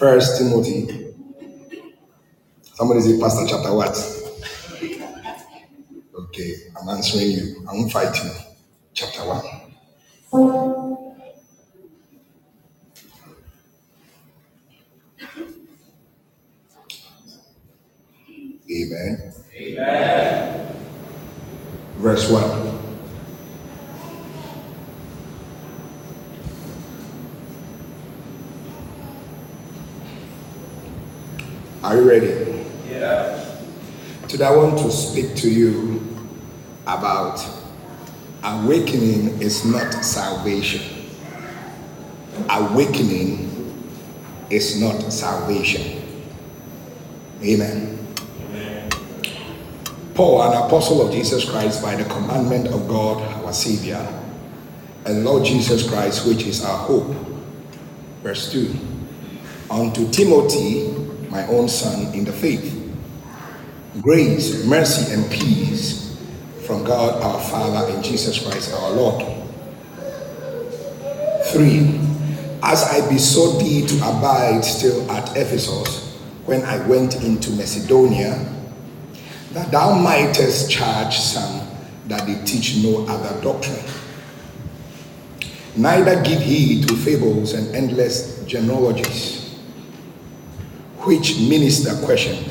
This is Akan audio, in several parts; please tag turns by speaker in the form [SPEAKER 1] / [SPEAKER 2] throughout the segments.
[SPEAKER 1] First Timothy. Somebody say, Pastor chapter what? Okay, I'm answering you. I won't fight you. Chapter one. speak to you about awakening is not salvation. Awakening is not salvation. Amen. Amen. Paul, an apostle of Jesus Christ, by the commandment of God, our Savior, and Lord Jesus Christ, which is our hope. Verse 2 Unto Timothy, my own son in the faith Grace, mercy, and peace from God our Father and Jesus Christ our Lord. Three, as I besought thee to abide still at Ephesus when I went into Macedonia, that thou mightest charge some that they teach no other doctrine. Neither give heed to fables and endless genealogies, which minister questions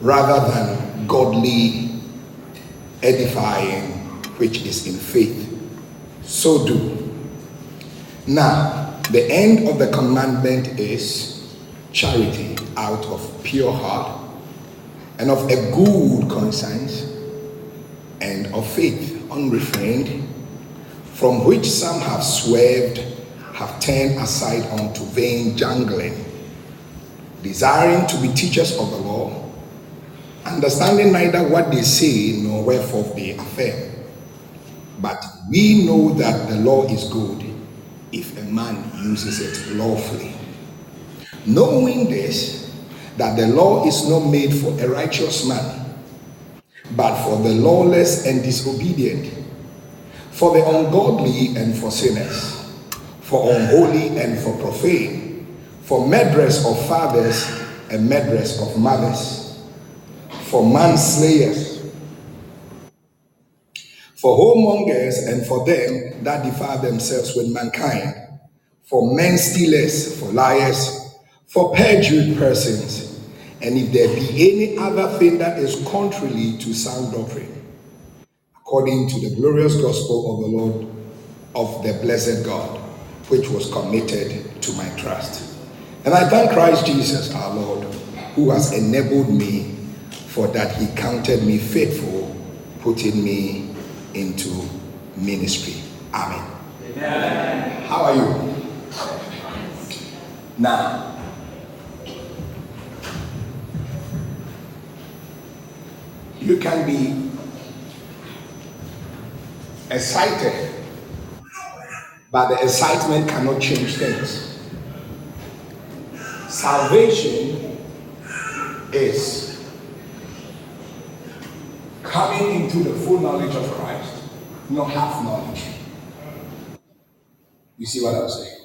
[SPEAKER 1] rather than godly edifying which is in faith. So do. Now, the end of the commandment is charity out of pure heart and of a good conscience and of faith unrefrained, from which some have swerved, have turned aside unto vain jangling, desiring to be teachers of the law understanding neither what they say nor wherefore they affirm. But we know that the law is good if a man uses it lawfully. Knowing this, that the law is not made for a righteous man, but for the lawless and disobedient, for the ungodly and for sinners, for unholy and for profane, for murderers of fathers and murderers of mothers for manslayers, for whoremongers, and for them that defile themselves with mankind, for men stealers, for liars, for perjured persons, and if there be any other thing that is contrary to sound doctrine, according to the glorious gospel of the Lord, of the blessed God, which was committed to my trust. And I thank Christ Jesus, our Lord, who has enabled me for that he counted me faithful, putting me into ministry. Amen. Amen. How are you? Now, you can be excited, but the excitement cannot change things. Salvation is coming into the full knowledge of Christ, not half knowledge. You see what I'm saying?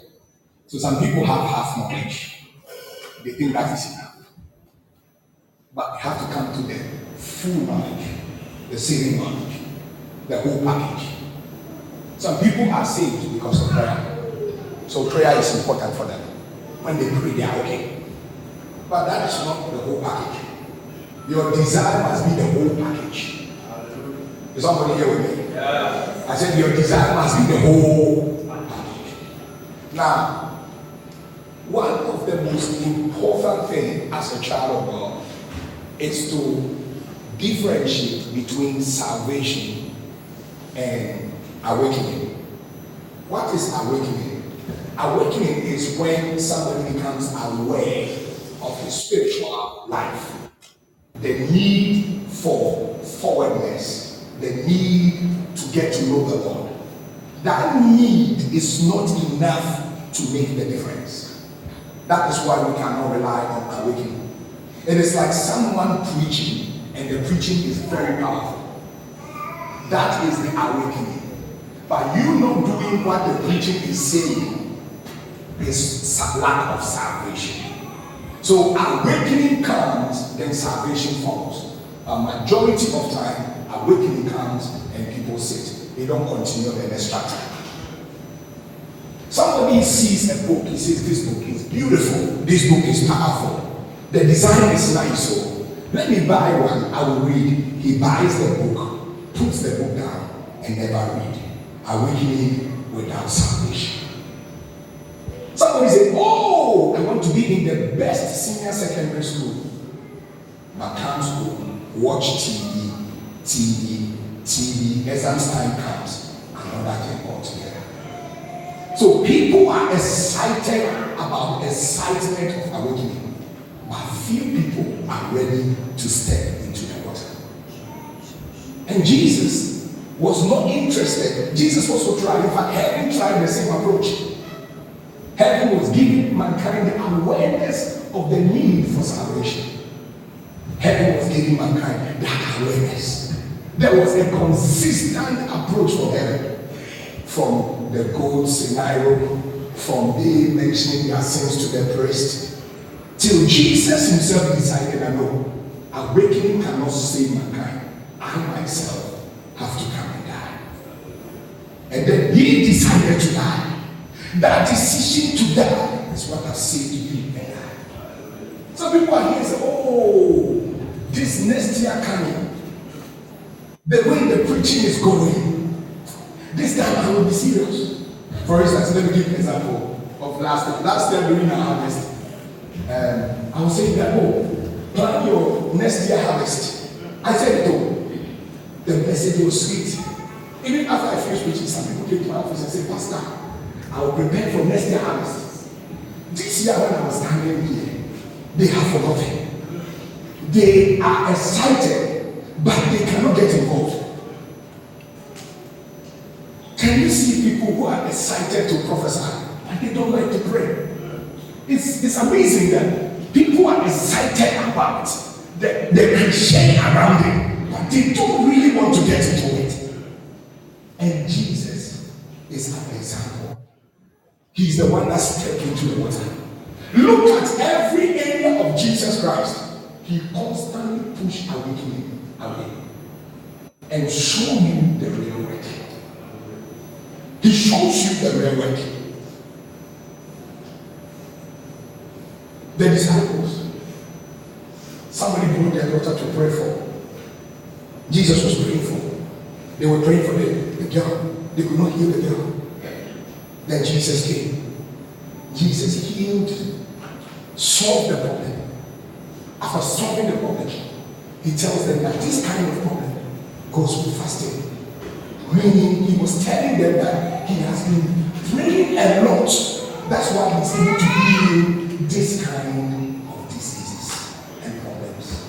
[SPEAKER 1] So some people have half knowledge. They think that is enough. But you have to come to the full knowledge, the saving knowledge, the whole package. Some people are saved because of prayer. So prayer is important for them. When they pray, they are okay. But that is not the whole package. Your desire must be the whole package. Is somebody here with me? I said, Your desire must be the whole package. Now, one of the most important things as a child of God is to differentiate between salvation and awakening. What is awakening? Awakening is when somebody becomes aware of his spiritual life the need for forwardness, the need to get to know the Lord. That need is not enough to make the difference. That is why we cannot rely on awakening. It is like someone preaching, and the preaching is very powerful. That is the awakening. But you not doing what the preaching is saying is lack of salvation. So awakening comes, then salvation follows. A majority of time, awakening comes and people sit. They don't continue their next chapter. Somebody sees a book, he says, This book is beautiful, this book is powerful, the design is nice. So oh. let me buy one, I will read. He buys the book, puts the book down, and never read. Awakening without salvation. Somebody say, Oh, I want to be in the best senior secondary school. But comes home, watch TV, TV, TV, exams time comes, another thing altogether. So people are excited about the excitement of awakening, but few people are ready to step into the water. And Jesus was not interested. Jesus was so tried. In fact, having tried the same approach. Heaven was giving mankind the awareness of the need for salvation. Heaven was giving mankind that awareness. There was a consistent approach for heaven. From the gold scenario, from being mentioning their sins to the priest, till Jesus himself decided, I know, awakening cannot save mankind. I myself have to come and die. And then he decided to die. That decision to die is what has saved me. and Some people are here and say, oh, this next year coming, the way the preaching is going, this time I will be serious. For instance, let me give an example of last time. Last time during our harvest, um, I was saying that, oh, plan your next year harvest. I said, no. The message was sweet. Even after I finished preaching, some people came to my office and said, Pastor, I will prepare for next year harvest. This year when I was standing here, they have forgotten. They are excited, but they cannot get involved. Can you see people who are excited to prophesy, but they don't like to pray? It's, it's amazing that people are excited about the, the cliche around it, but they don't really want to get into it. And Jesus is an example He's the one that stepped into the water. Look at every area of Jesus Christ. He constantly pushed awakening away and showed you the real work. He shows you the real work. The disciples, somebody brought their daughter to pray for. Jesus was praying for. They were praying for the, the girl. They could not heal the girl. Then Jesus came. Jesus healed, solved the problem. After solving the problem, he tells them that this kind of problem goes with fasting. Meaning, he was telling them that he has been praying a lot. That's why he's able to heal this kind of diseases and problems.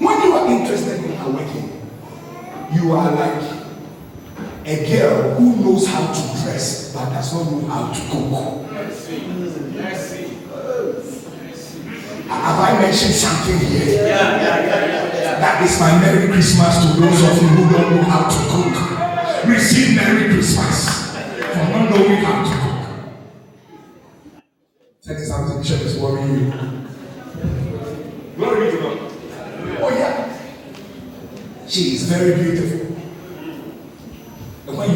[SPEAKER 1] When you are interested in awakening, you are like a girl who knows how to dress but does not know how to cook.
[SPEAKER 2] Have I mentioned something here? Yeah,
[SPEAKER 1] yeah, yeah, that is my Merry Christmas to those of you who don't know how to cook. Receive Merry Christmas for not knowing how to cook. Tell me something, Bishop is worrying you. Glory to God. Oh, yeah. She is very beautiful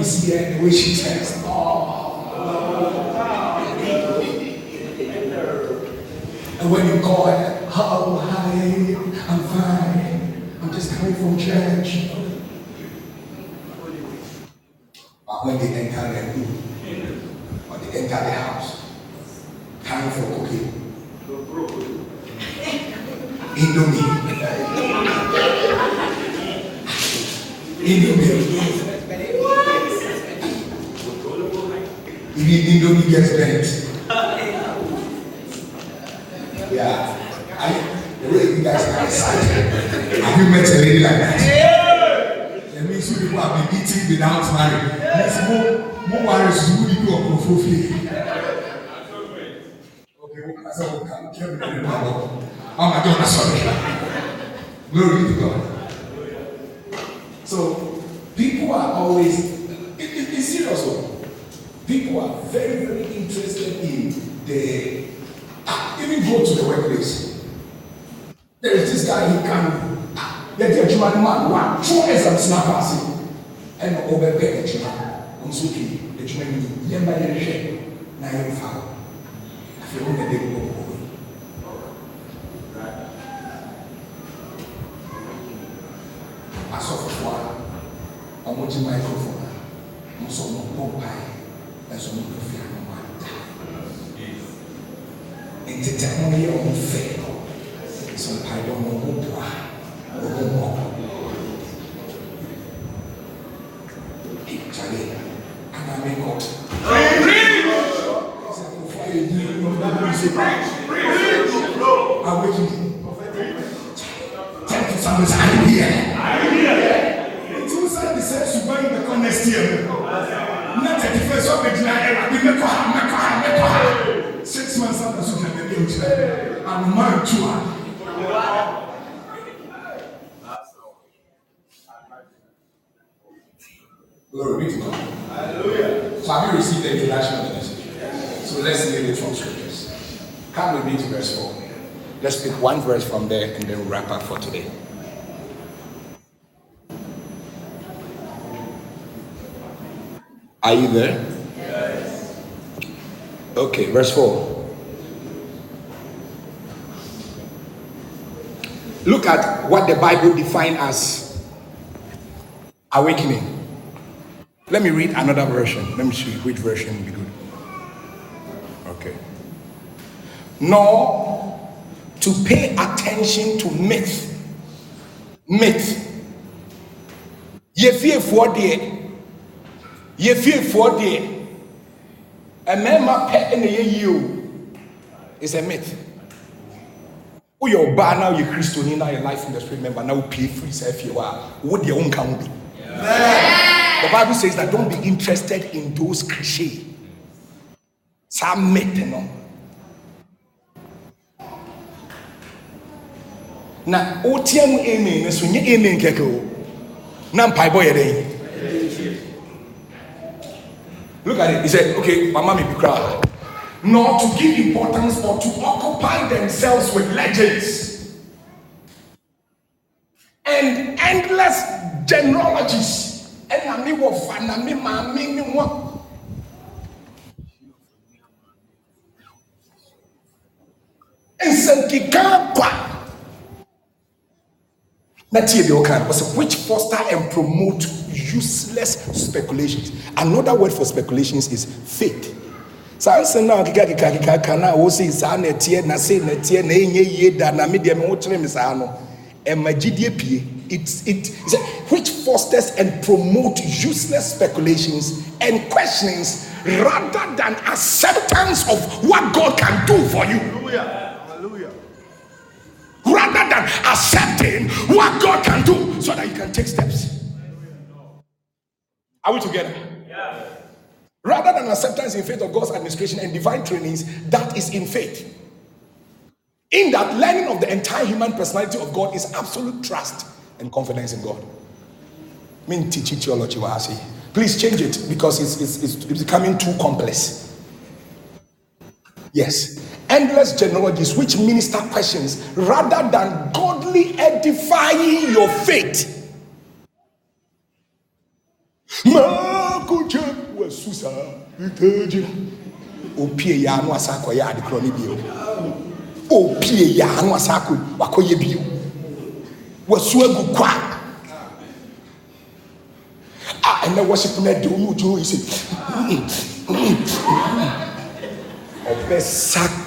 [SPEAKER 1] you see that the way she texts. And when you call her, oh, hi, I'm fine. I'm just coming from church. But when they enter their room, or they enter the house, time for cooking. Indomie. Indomie. Indomie gets bent. Yeah. I, the way you guys are excited. Have you met a lady like that? Yeah. That means you people have been eating without marriage. Means more more marriage who you do of fulfill. Okay, as I will come, tell me the Bible. Oh my God, sorry. Glory to God. So people are always it, it, it's serious. Though people are very, very interested in the uh, even go to the workplace. There is this guy he can yɛde adwuma no ma watwo exam snapper ase ɛna ɔbɛbɛ adwuma nso pii adwuma no ni yɛmba yɛrehwɛ na yɛmfa afei wobɛde wɔbɔ asɔfofoɔ a ɔmogye microphone a ɔmo nso ɔmo bɔ mpaeɛ nanso ɔmo kɔ fira no wa da ntete a ɔmo yɛ ɔmo fɛ so mpaebɔ ɔmo ɔmo boa ɔmo bɔ twale ama mi kɔ. I would you. Tell me something here. just pick one verse from there and then wrap up for today. Are you there? Yes. Okay, verse 4. Look at what the Bible defines as awakening. Let me read another version. Let me see which version would be good. Okay. Nor to pay attention to myth myth yɛfiefoɔ deɛ yɛfiefoɔ deɛ mmarima pɛ na yɛyie o is a myth woyɛ ɔbaa na woyɛ kristoni na yɛ life industry member na wopie firi saa fie hɔ a wo deɛ wonka ho bi the bible says that don't be interested in those cliche saa myth no na wotia mu amen no so nyɛ amen kɛkɛ o na mpaebɔ yɛ dɛn look at it he said okay mama me bi kra nor to give importance or to occupy themselves with legends and endless genealogies ɛna me wɔ fa na me maame ne ho kwa Natie Biokan was which foster and promote useless speculations. Another word for speculations is faith. saa nsɛm na akeka keka keka ka na wɔsi saa na ɛteɛ na se na ɛteɛ na ɛnyɛ ye da na mi deɛ mi ho me sa saa no ɛma gyidie pie it it which fosters and promote useless speculations and questionings rather than acceptance of what God can do for you. Hallelujah than accepting what God can do so that you can take steps. Are we together? Yeah. Rather than acceptance in faith of God's administration and divine trainings, that is in faith. In that, learning of the entire human personality of God is absolute trust and confidence in God. Mean teaching theology, please change it because it's, it's, it's becoming too complex. Yes, endless genealogies which minister questions rather than godly edifying your faith. ɛnɛ ɔbɛ ah, sak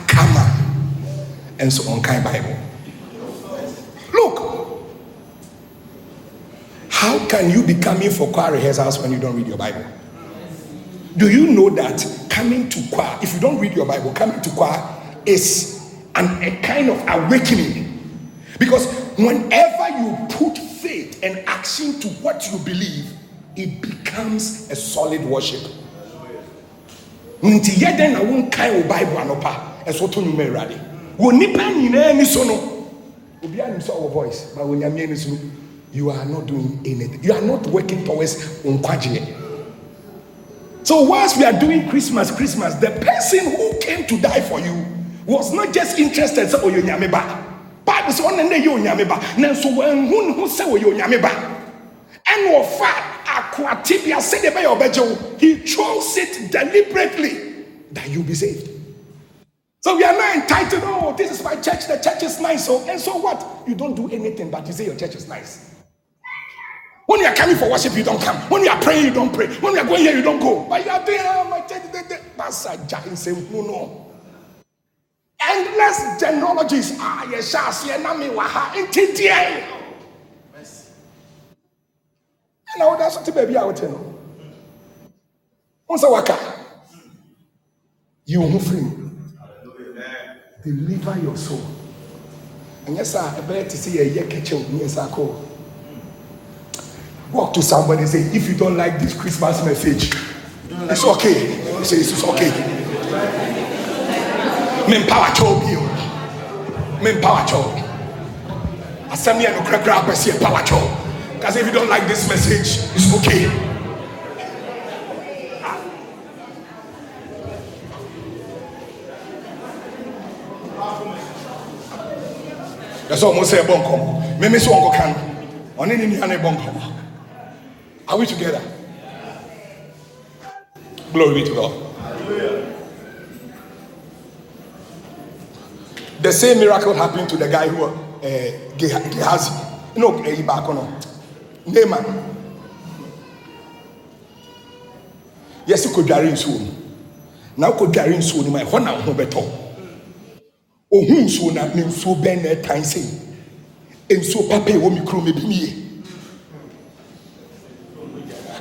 [SPEAKER 1] and so on kind Bible. Look, how can you be coming for choir rehearsals when you don't read your Bible? Do you know that coming to choir, if you don't read your Bible, coming to choir is an, a kind of awakening. Because whenever you put faith and action to what you believe, it becomes a solid worship. nti yɛ dɛn na wo nkae bible anɔpa ɛso to nnwuma wɔ nipa nyinaa ni so no obi anim sɛ ɔwɔ voice ba wɔ nyame ani so you are not doing anything you are not working towards nkwagyeɛ so whilst we are doing christmas christmas the person who came to die for you was not just interested sɛ ɔyɛ onyame ba sɛ ɔne ne yɛ onyame nanso wɔanhu ne sɛ ɔyɛ onyame ba ɛne ɔfa akoatibea sɛdeɛ ɛbɛyɛ ɔbɛgye wo he chose it deliberately that you be saved So we are not entitled, oh, this is my church, the church is nice. So, oh, and so what? You don't do anything, but you say your church is nice. When you are coming for worship, you don't come. When you are praying, you don't pray. When you are going here, you don't go. But you are doing, oh, my church, they, they. that's a giant saying, no, no. Endless genealogies. Ah, yes, yes, yes, nami waha, intidia. Eh. And now would ask to baby out, you know. Once a worker? you will free deliver your soul and ɛnyɛ saa ɛbɛyɛ te sɛ yɛyɛ kɛkyɛw nyɛ saa kɔ walk to somebody say if you don't like this christmas message it's okay say it's okay me mpa wakyɛw bi o me mpa wakyɛw asɛm yɛ no crack apɛ sɛ yɛ pa wakyɛw kasi if you don't like this message it's okay. ɛsɛ ɔmo sɛ ɛbɔ nkɔmɔ mɛmɛ sɛ ɔnkɔ kan ɔne ne nua na ɛbɔ nkɔmɔ are we together glory be to God the same miracle happened to the guy who uh, Gehazi no ɛyi baako no Naaman yɛsi kodware nsuo mu na kodware nsuo mu a ɛhɔ na ho bɛtɔ ohun nsuo na ne nsuo bɛn na ɛtan se nsuo papa ɛwɔ mi kurom ebi nie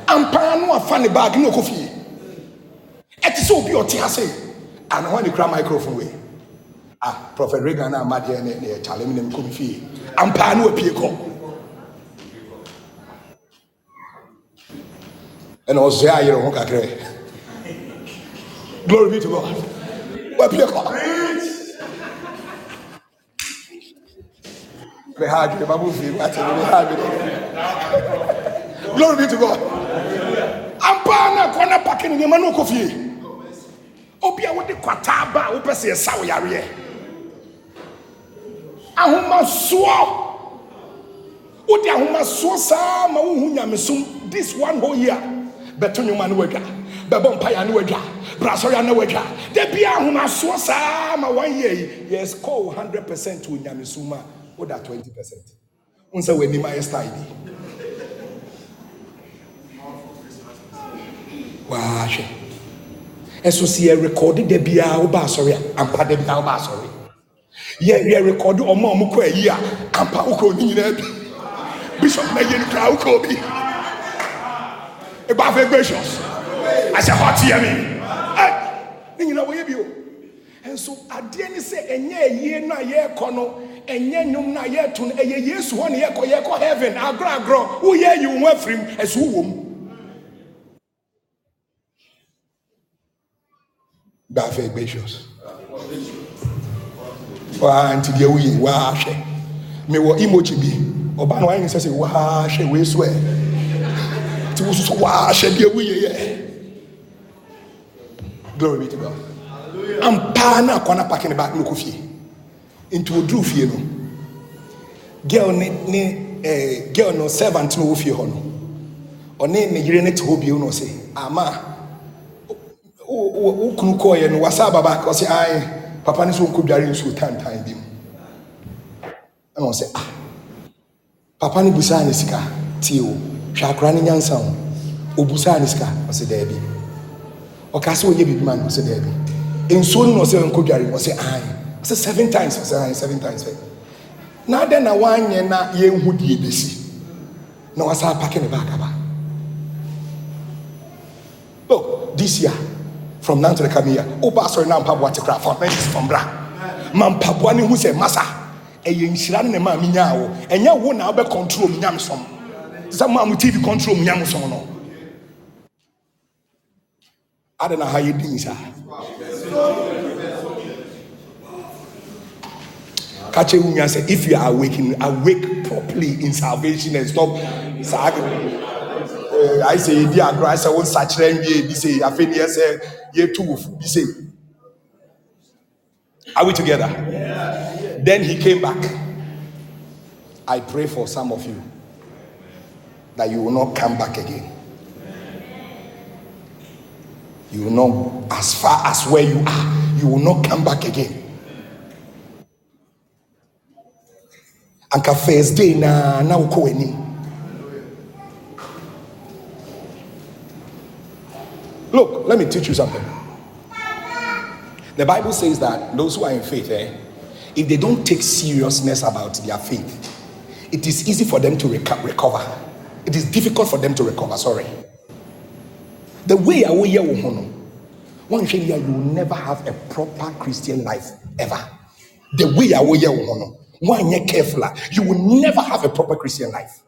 [SPEAKER 1] ampaa no afa ne baagi ne ɔkɔ fie ɛte sɛ obi ɔte ase ana wɔn ne kura microphone wei ah prophet reagan na amadeɛ ne ne ɛkyale ne nkɔm fie ampaa no apue kɔ ɛna ɔzɔɛ ayere ho kakra glory be to god wapue kɔ. Rehab, the Bible view, I tell you, rehab. Glory be to God. I'm buying a corner packing in your man of coffee. Obi a wode kwata ba a wopɛ sɛ yɛsa wo yareɛ. Ahomasoɔ. Wode ahomasoɔ saa ma wohu this one whole year. Bɛto nwoma ne wadwa bɛbɔ mpaya Brasoya wadwa brasɔya ne wadwa debia ahomasoɔ saa ma one year yi yɛscore hundred percent wɔ woda twenty percent n sɛ w'anim ayɛ style bi waahwɛ ɛso si yɛ rekɔdi da biara woba asɔre a ampa da bi na woba asɔre yɛ yɛ rekɔdi ɔmo a ɔmo kɔ ayi a ampa wokɔ ne nyinaa bi bishop na yɛ nukura wokɔ bi eba afɛ gracious asɛ hɔ teɛ mi ɛ ne nyinaa wɔyɛ bi o nanso adeɛ ni sɛ ɛnyɛ ayie no a yɛrekɔ no ɛnyɛ nnwom na a yɛreto no ɛyɛ yesu hɔ ne yɛkɔ yɛkɔ heaven agorɔagorɔ woyɛ ayi wo ho afiri mu ɛso wowɔ mu baafɛ gracious waa nti deɛ woyɛ waahwɛ mewɔ emoji bi ɔbaa no wayɛ sɛ sɛ waahwɛ wei so ɛ nti wo so so deɛ woyɛ yɛ glory be to god ampaa na akɔna pake ne ba ne kɔ fie nti oduru fie no girl ne ne ɛɛ eh, girl no servant no wɔ fie hɔ no ɔne ne yere ne te hɔ bio na ɔse ama o o o kunu kɔɔyɛ no wasa ababa ɔse ayi papa ne so nko dware nsuo tantan bi mu ɛna ɔse ah papa ne busa ne sika tie o hwɛ akora ne nyansa o obusa ne sika ɔse dɛɛbi ɔka sɛ ɔnyɛ bibi ma no ɔse dɛɛbi nsuo no na ɔsɛ nkɔ dware ɔsɛ an ɔsɛ seven times ɔsɛ an seven times fɛ na adɛn na wanyɛ na yɛnhu deɛ bɛsi na wasa apake ne baag aba oh this year from now to the coming year woba asɔre na mpaboa te kora foundations from bra ma mpaboa ne hu sɛ masa ɛyɛ nhyira ne ne maa mi nyaa wo ɛnyɛ wo na wobɛ control mu nyamesom sɛ maa mo tv control mu nyamesom no I don't know how you it, sir. Catch woman and say, if you are waking awake properly in salvation and stop. Uh, I say, dear Christ, I won't search them. They say, I think yes, ye too. They say, are we together? Then he came back. I pray for some of you that you will not come back again. You will not, as far as where you are, you will not come back again. anka cafes day na na wokɔ look let me teach you something the bible says that those who are in faith eh, if they don't take seriousness about their faith it is easy for them to reco- recover it is difficult for them to recover sorry the way I will hear one thing you will never have a proper Christian life ever. The way I will hear one year careful, ah? you will never have a proper Christian life.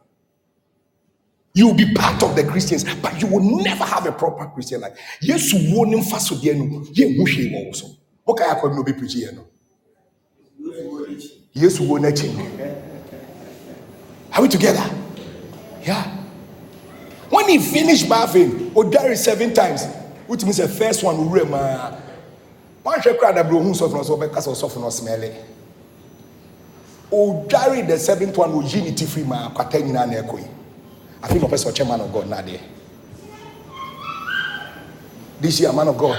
[SPEAKER 1] You will be part of the Christians, but you will never have a proper Christian life. Yes, warning fast with you, you will also. What can I call no be preaching here? Yes, warning. Are we together? Yeah. when he finished bathing odari seven times which means the first one wura maa wọn ahwẹ kura dabere ohun sọfún ọsọ ọbẹ kasa ọsọfún ọsọmẹlẹ odari the seventh one oyi ni ti firi maa akwata nyinaa na ẹkọ yi afi na ọpẹ sọ chairman of god n'adeɛ this year man of god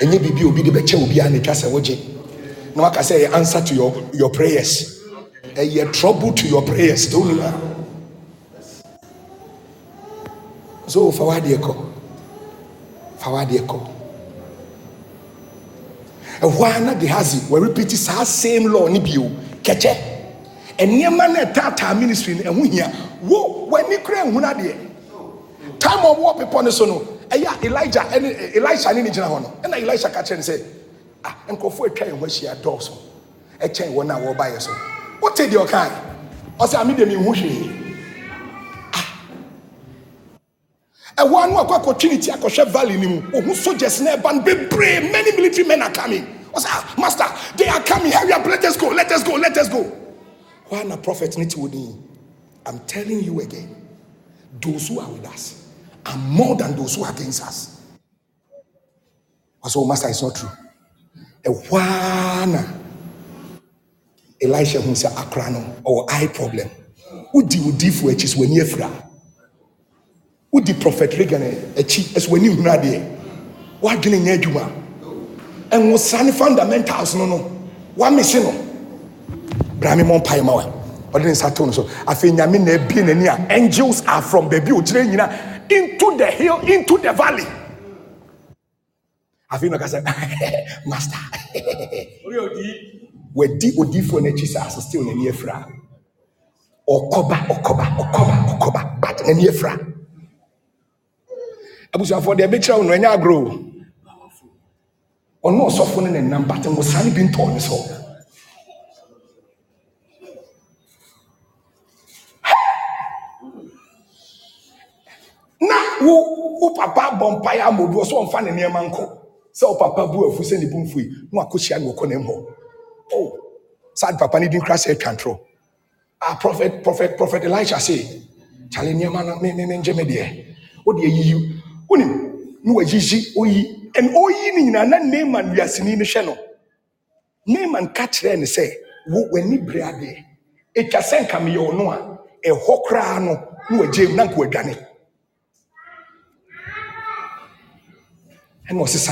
[SPEAKER 1] enye bibi obi de bɛ kyɛ obi a na etwa sɛ wogye na waka sɛ ɛyɛ answer to your your prayers ɛyɛ trouble to your prayers don't you know. so fa w'adeɛ kɔ fa w'adeɛ kɔ ɛhɔ a na gehazi wɔrepeti saa same law ne bio kɛkyɛ nneɛma na ɛtaataa ministry no ɛho hia wo w'ani kura ehun adeɛ time a wɔwɔ pepɔ ne so no ɛyɛ elijah ɛne elisha ne ne gyina hɔ no ɛna elisha ka ne sɛ ah nkurɔfoɔ atwa e yɛn ho ahyia dɔɔso ɛkyɛn e wɔn a wɔreba yɛ so wote deɛ ɔkae ɔsɛ ame mi ho hwee. ɛhɔ ano akɔ akɔtwi ne ti akɔhwɛ valley ne mu ohun soldiers na ɛba no bebree many military men are coming ɔsɛ master they are coming hurry up let us go let us go let us go wɔn na prophet ne ti wɔ nii i'm telling you again those who are with us are more than those who are against us ɔsɛ o oh, master is not true ɛhɔ ana elisha hun sɛ akora no ɔwɔ eye problem wodi wodi fo akyi so wɔn ani afira wodi prophet reagan akyi ɛsɛ w'ani hunu adeɛ w'adwene nyɛ adwuma ɛnwosa ne fundamentals no no w'amese no brahmi mɔ mpae ma wa ɔde ne nsa to no so afei nyame na ebie n'ani a angels are from baabi ogyina nyina into the hill into the valley afei na ɔka sɛ master wadi odiifoɔ n'akyi sɛ asese n'ani afira ɔkɔba ɔkɔba ɔkɔba ɔkɔba but n'ani afira abusuafoɔ deɛ ɛbɛkyerɛ wo no ɛnyɛ agorɔ ɔno ɔsɔfo no ne nam bate wo sane bi ntɔɔ ne so na wo wo papa bɔ mpaeɛ ama so ɔmfa ne nneɛma nkɔ sɛ wo papa bu afu sɛ ne bu mfui na wakɔhyia ne wɔkɔ ne mmɔ oh sad papa ne din kra sɛ atwa ntorɔ ah prophet prophet prophet elisha say kyale nneɛma no me me me ngye me deɛ O deɛ yiyi wonim na wayiyi oyi and oyi ne nyinaa na naaman wiaseni no hwɛ no naaman ka kyerɛɛ ne sɛ wo w'ani bere adeɛ ɛtwa e sɛ e nka meyɛ ɔno a ɛhɔ koraa no na wagye mu na nka wadwane ɛna ɔse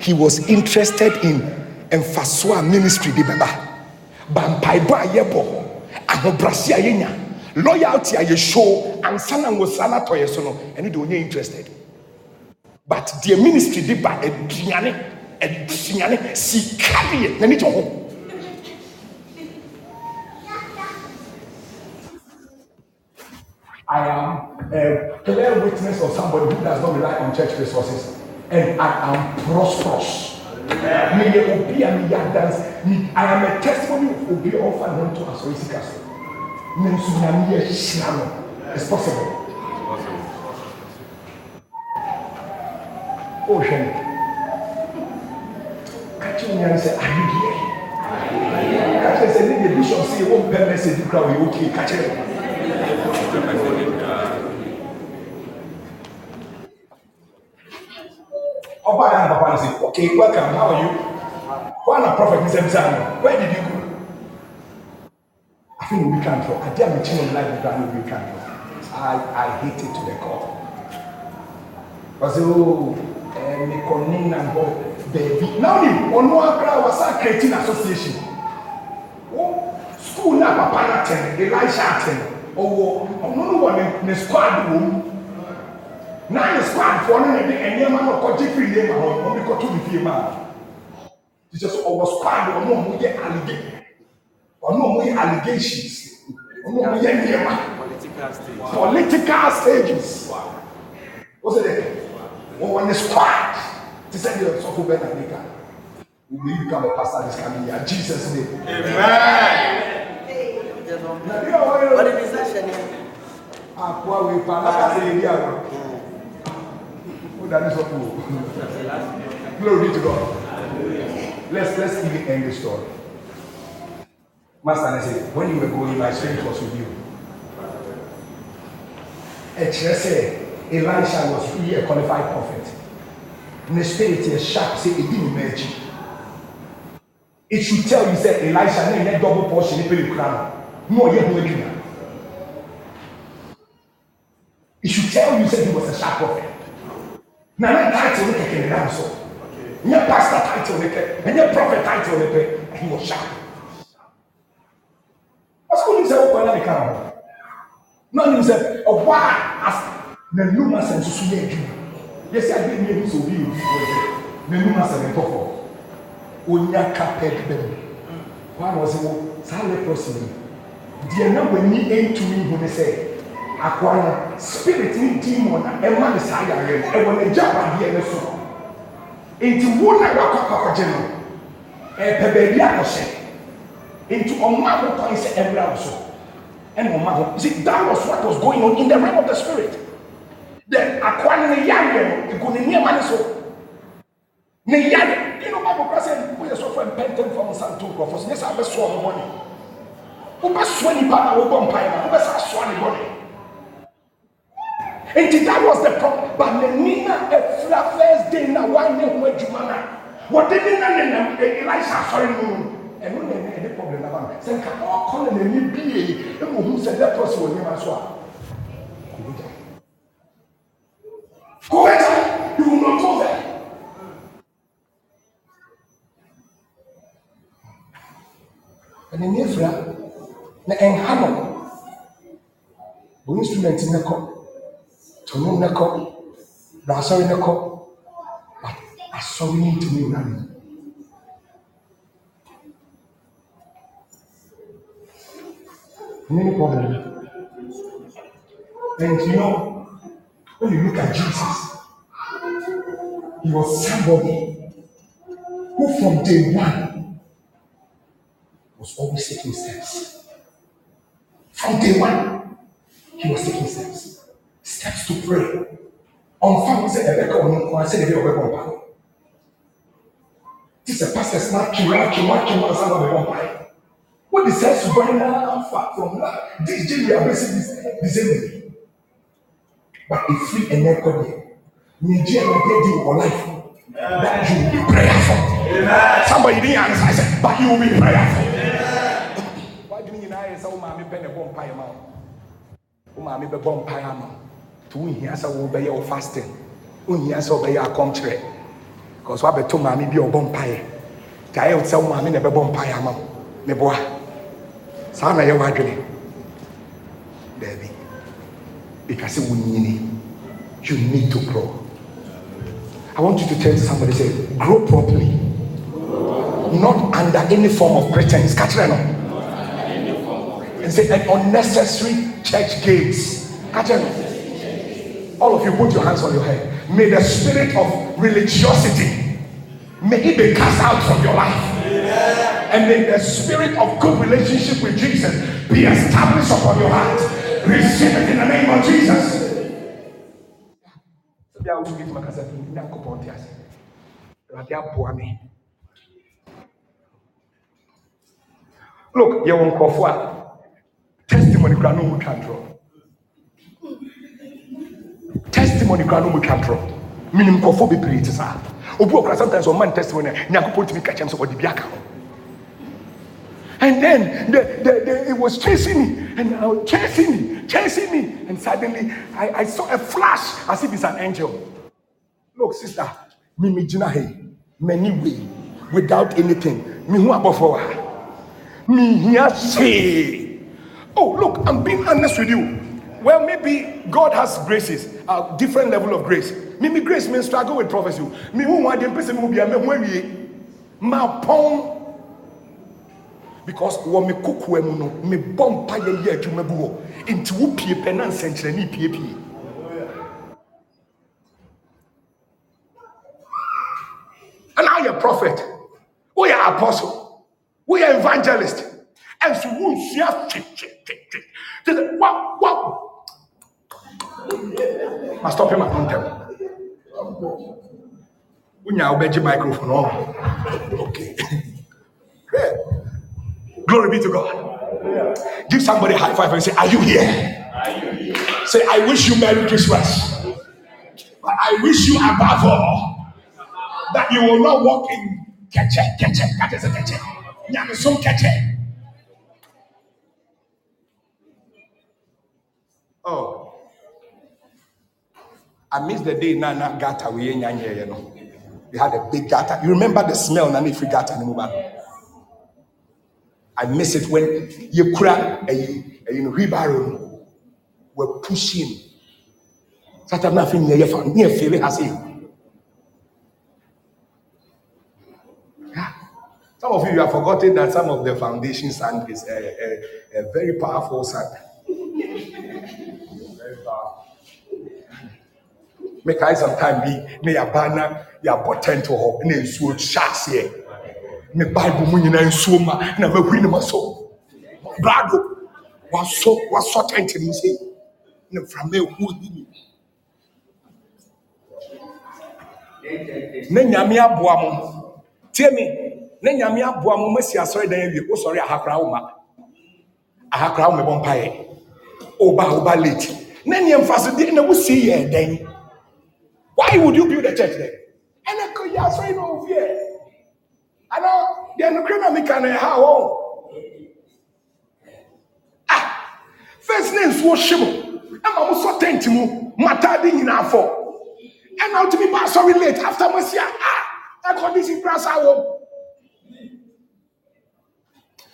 [SPEAKER 1] he was interested in mfasoɔ a ministry de bɛba bampaebɔ a yɛbɔ ahobrɛase a yɛnya loyalty a yɛhyɛw ansa na nwosa no atɔ yɛ so no ɛno deɛ ɔnyɛ interested but deɛ ministry de ba aduane aduane sika deɛ n'ani gyɛ ho I am a clear witness of somebody who does not rely on church resources, and I am prosperous. May obi and me I am a testimony of obi offer unto us ne nso nyame yɛ hyira no is possible wohwɛ no ka kyerɛ nyane sɛ ayedeɛ ka kyerɛ sɛ ne deɛ bishop sɛ yɛwɔ mpɛ message kora wɔyɛ okay ka kyerɛ ɔbaa yɛ na papa no sɛ okay welcome how are you why na prophet nsɛm where did you Thing we wika ntorɔ I dare mekyi wɔn life kura we wika ntorɔ i i hate it to the core wɔsi o ɛɛ mekɔ ne nam hɔ beebi na wɔn ɔno akora wɔsa creating association Oh, school na papa na tɛn elisha tɛn ɔwɔ ɔno no wɔ ne ne squad wɔ mu the ne squad foɔ no na de nneɛma na free firi yie ma hɔ free de kɔto ne fie ma tisɛ so ɔwɔ squad ɔmo ɔmo yɛ alige ɔno ɔmo yɛ allegations ɔno ɔmo yɛ nneɛma political stages o sɛ dɛ wɔwɔ ne squad te sɛ deɛ sɔfo bɛ na nika will you become a pastor this coming year jesus name amen. Akwa wei pa alaka se ebi awa. O da ni sɔfo o. Glory to God. Let's let's even end the story. Master, I say, when you were going, my strength was with you. Ɛkyerɛ say, Elisha was really a qualified prophet. Ne spirit yɛ sharp say, edi ne mma akyi. It should tell you sɛ Elisha na yɛ double portion you pay nipa ekura no na ɔyɛ ho adwuma. It should tell you sɛ he was a sharp prophet. Na ne title ne kɛkɛ ne nam so. Nye pastor title ne pɛ, nye prophet title ne pɛ, he was sharp wonim sɛ wokɔ na meka ho na ɔnim sɛ ɔbɔ a as n'anum asɛm soso yɛ adwuma yɛsi adi ni ebi sɛ obi yɛ obi wɔ sɛ n'anum asɛm ntɔfɔ onya kapɛt bɛm wɔn a wɔsɛ wɔ saa leprosy yi deɛ na w'ani ntumi hu ne sɛ akwa no spirit ne demon a ɛma ne saa yare no ɛwɔ n'agya abadeɛ ne so nti wo na wakɔ akɔgye no ɛpɛ eh, baabi akɔhyɛ. Into a ho kwan sɛ every hour so ɛna ɔma ho you see that was what was going on in the realm of the spirit then akoa no ne yareɛ no egu ne nneɛma ne so ne yareɛ ɛna ɔma bɔkura sɛ woyɛ from mpɛntɛm fam nsanto nkurɔfo so nyɛ sɛ abɛsoa ɔmo bɔne wobɛsoa nipa na wobɔ mpae ma wobɛsa asoa ne bɔne nti that was the problem but n'ani na efura first day na wa ne ho adwuma na wɔde ne na nenam elisa asɔre no mu ɛno sɛ nka ɔkɔ na n'ani bie ɛmu ohun sɛ lɛpɔs wɔ nneɛma so a kowɛgya kowɛgya iwu na ɔtɔ bɛ ɛna ni efura na ɛnha no wɔn instrument ne kɔ tɔnum ne kɔ na asɔre ne kɔ asɔre ne ntumi wura ne mu. No problem. And you know, when you look at Jesus, he was somebody who from day one was always taking steps. From day one, he was taking steps. Steps to pray. On This is a pastor's not wọ́n di sẹ́ ṣùgbọ́n náà fà from that. this day we are facing this the but efiri ẹ̀nẹ́ kọ́ ni nigeria na dey do for life that you be prayerful somebody dey answer say but you be prayerful. wájú ni nyinaa yẹ sẹ́ wọ́n maame bẹ́ẹ̀ na ẹ̀bọ̀ mpa yẹn ma wọ́n maame bẹ́ẹ̀ bọ́ mpa yẹn ma tó wọ́n hìyà sẹ́ wọ́n bẹ́ẹ̀ wọ́n fasting wọ́n hìyà sẹ́ wọ́n bẹ́ẹ̀ yẹ akọ́mkyerẹ́ kọ́sọ́ abẹ́tọ́ maame bi ọ̀bọ̀ mpa yẹn gàáyẹ̀ sẹ́ wọ́n maame na ẹ̀bẹ̀ bọ́ mpa yẹn ma mẹ́bọ́ saa na yɛ w'adwene daabi bika sɛ wonyini you need to grow i want you to tell somebody say grow properly not under any form of pretense ka kyerɛ no and say and unnecessary church games ka kyerɛ no all of you put your hands on your head may the spirit of religiosity may it be cast out from your life and may the spirit of good relationship with Jesus be established upon your heart. Receive it in the name of Jesus. Look, yɛwɔ nkurɔfoɔ a testimony kura no mu twa testimony kura no mu twa ntorɔ menim nkurɔfoɔ bebree te sometimes ɔma ne testimony a nyankopɔn tumi ka kyɛm sɛ ɔde bi aka And then the, the, the, it was chasing me and was chasing me, chasing me. And suddenly I, I saw a flash as if it's an angel. Look, sister, me me jina he, many way, without anything. Me who abofowa. Me here Oh, look, I'm being honest with you. Well, maybe God has graces, a uh, different level of grace. Me me grace means struggle with prophecy. Me who want them person who be a me who we. My pong because wɔ me kokoa mu no mebɔ mpa yɛyɛ adwuma bi wɔ nti wo pie pɛ na nsɛnkyerɛnne piepie ɛna woyɛ prophet woyɛ apostle woyɛ evangelist ɛnso wonsua twetwetwetwe te sɛ wa wa mastɔpe ma no ntɛm wonya wobɛgye microphone ɔ okay Glory be to God. Give somebody high five and say, Are you here? Say, I wish you Merry Christmas. But I wish you above all that you will not walk in keche, keche, keche, keche, nyamisom keche. Oh, I miss the day Nana Gata we We had a big gata. You remember the smell Nana if we gata anymore? I miss it when you and you wheelbarrow. We're pushing. Satan nothing near your family, near Philly has Some of you have forgotten that some of the foundation sand is a, a, a very powerful sand. very powerful. Make I time be near your banner, your potential, near sharks here. ne bible mu nyinaa nsuo ma na mahuri ne masɔ brado wasɔ wasɔ tɛnt ne nse ne mframa ɛhu yi ni ne nyame aboa mo tie me ne nyame aboa mo masi asɔredan awie wosɔre ahakora wo ma ahakora wo mebɔ mpaeɛ woba woba late ne neɛ mfasodeɛ na wosii yɛ ɛdɛn why would you build a church there ɛnɛ kɔ yɛ asɔre na ɔfie ana deɛ nokorɛ na meka no ɛha wɔ ah face ne nsuo hye mo ɛma mosɔ tent mu matade nyinaa fɔ ɛna wotumi ba asɔre late after masi a a ɛkɔdisi kora saa wɔ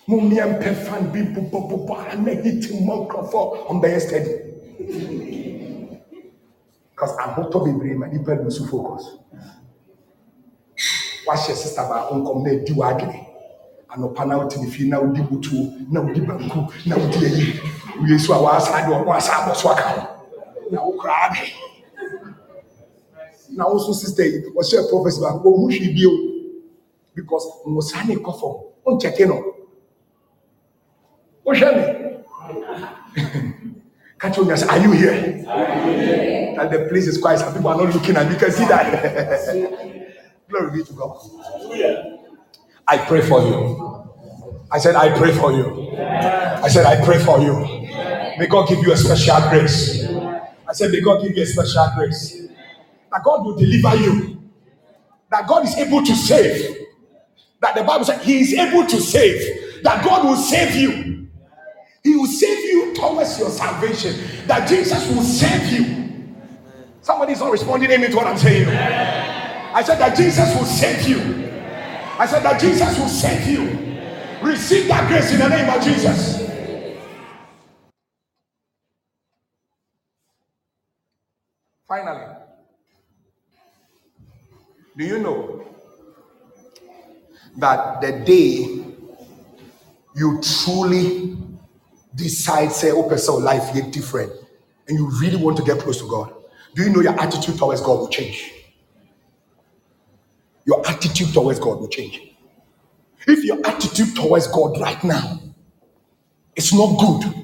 [SPEAKER 1] mo mmea mpɛ fan bi bobɔbobɔ ara na hiti mmɔ nkurɔfoɔ ɔmbɛyɛ steady because ahotɔ bebree ma nipa lose focus wahyɛ sista baako nkɔm na edi w'adwene anɔpa na wote ne fie na wodi butuo na wodi banku na wodi ayi wie so a waasa de ɔno asa abɔ so aka ho na wokoraa de na wo so sista yi ɔhyɛ prɔfɛsi baako ɔmo hwi bio because nwosa ne kɔ fam ɔnkyɛke no wohwɛ me Catch on yourself. Are you here? That the place is quiet. Some people are not looking at you. You can see that. Glory be to God. I pray for you. I said, I pray for you. I said, I pray for you. May God give you a special grace. I said, May God give you a special grace. That God will deliver you. That God is able to save. That the Bible said He is able to save. That God will save you. He will save you towards your salvation. That Jesus will save you. Somebody's not responding me to what I'm saying. I said that Jesus will save you. I said that Jesus will save you. Receive that grace in the name of Jesus. Finally, do you know that the day you truly decide, say, oh, so life is different, and you really want to get close to God, do you know your attitude towards God will change? your attitude towards God will change. If your attitude towards God right now is not good,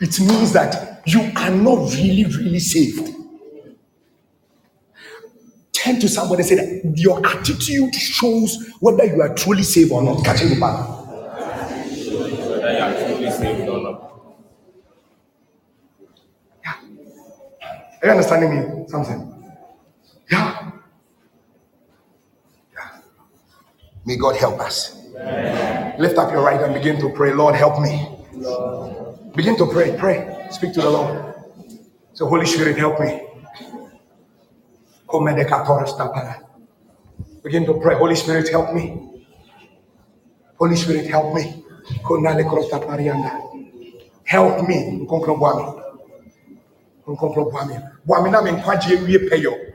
[SPEAKER 1] it means that you are not really, really saved. Turn to somebody and say that your attitude shows whether you are truly saved or not. Catching the back. Yeah. Are you understanding me? Something. Yeah. May God help us. Amen. Lift up your right and begin to pray. Lord, help me. Lord. Begin to pray. Pray. Speak to the Lord. So, Holy Spirit, help me. Begin to pray. Holy Spirit, help me. Holy Spirit, help me. Help me. Help me.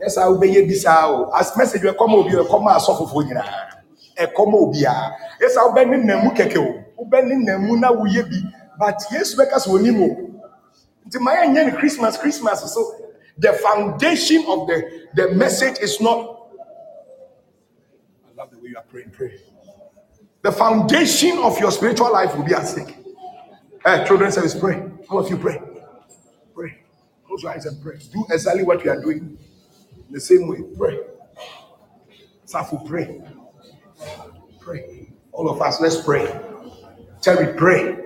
[SPEAKER 1] Yes, I bɛ yɛ this hour. as message bɛ come, obi eh, o come asɔfofo nyinaa ɛkɔma obiaa yɛsɛ I bɛ ne nan mu kɛkɛ o wo bɛ ne nan mu na will yɛ bi but yes, because we onim o nti maa yɛ nyɛ christmas christmas so the foundation of the the message is not I love the way you are praying pray the foundation of your spiritual life will be at stake hey eh, children service pray all of you pray pray close your eyes and pray do exactly what you are doing. The same way, pray. Safu, pray. Pray. All of us, let's pray. Terry, pray.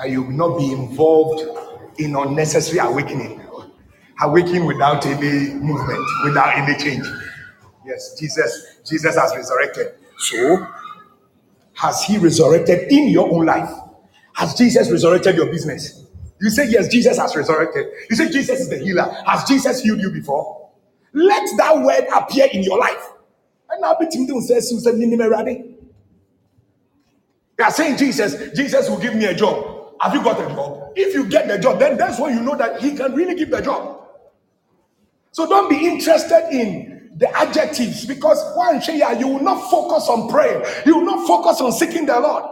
[SPEAKER 1] And you will not be involved in unnecessary awakening. Awakening without any movement, without any change. Yes, Jesus, Jesus has resurrected. So, has he resurrected in your own life? Has Jesus resurrected your business? You say, Yes, Jesus has resurrected. You say, Jesus is the healer. Has Jesus healed you before? Let that word appear in your life. And I'll be says Susan, they are saying, Jesus, Jesus will give me a job. Have you got a job? If you get the job, then that's when you know that He can really give the job. So don't be interested in the adjectives because one, Shaya, you will not focus on prayer. You will not focus on seeking the Lord.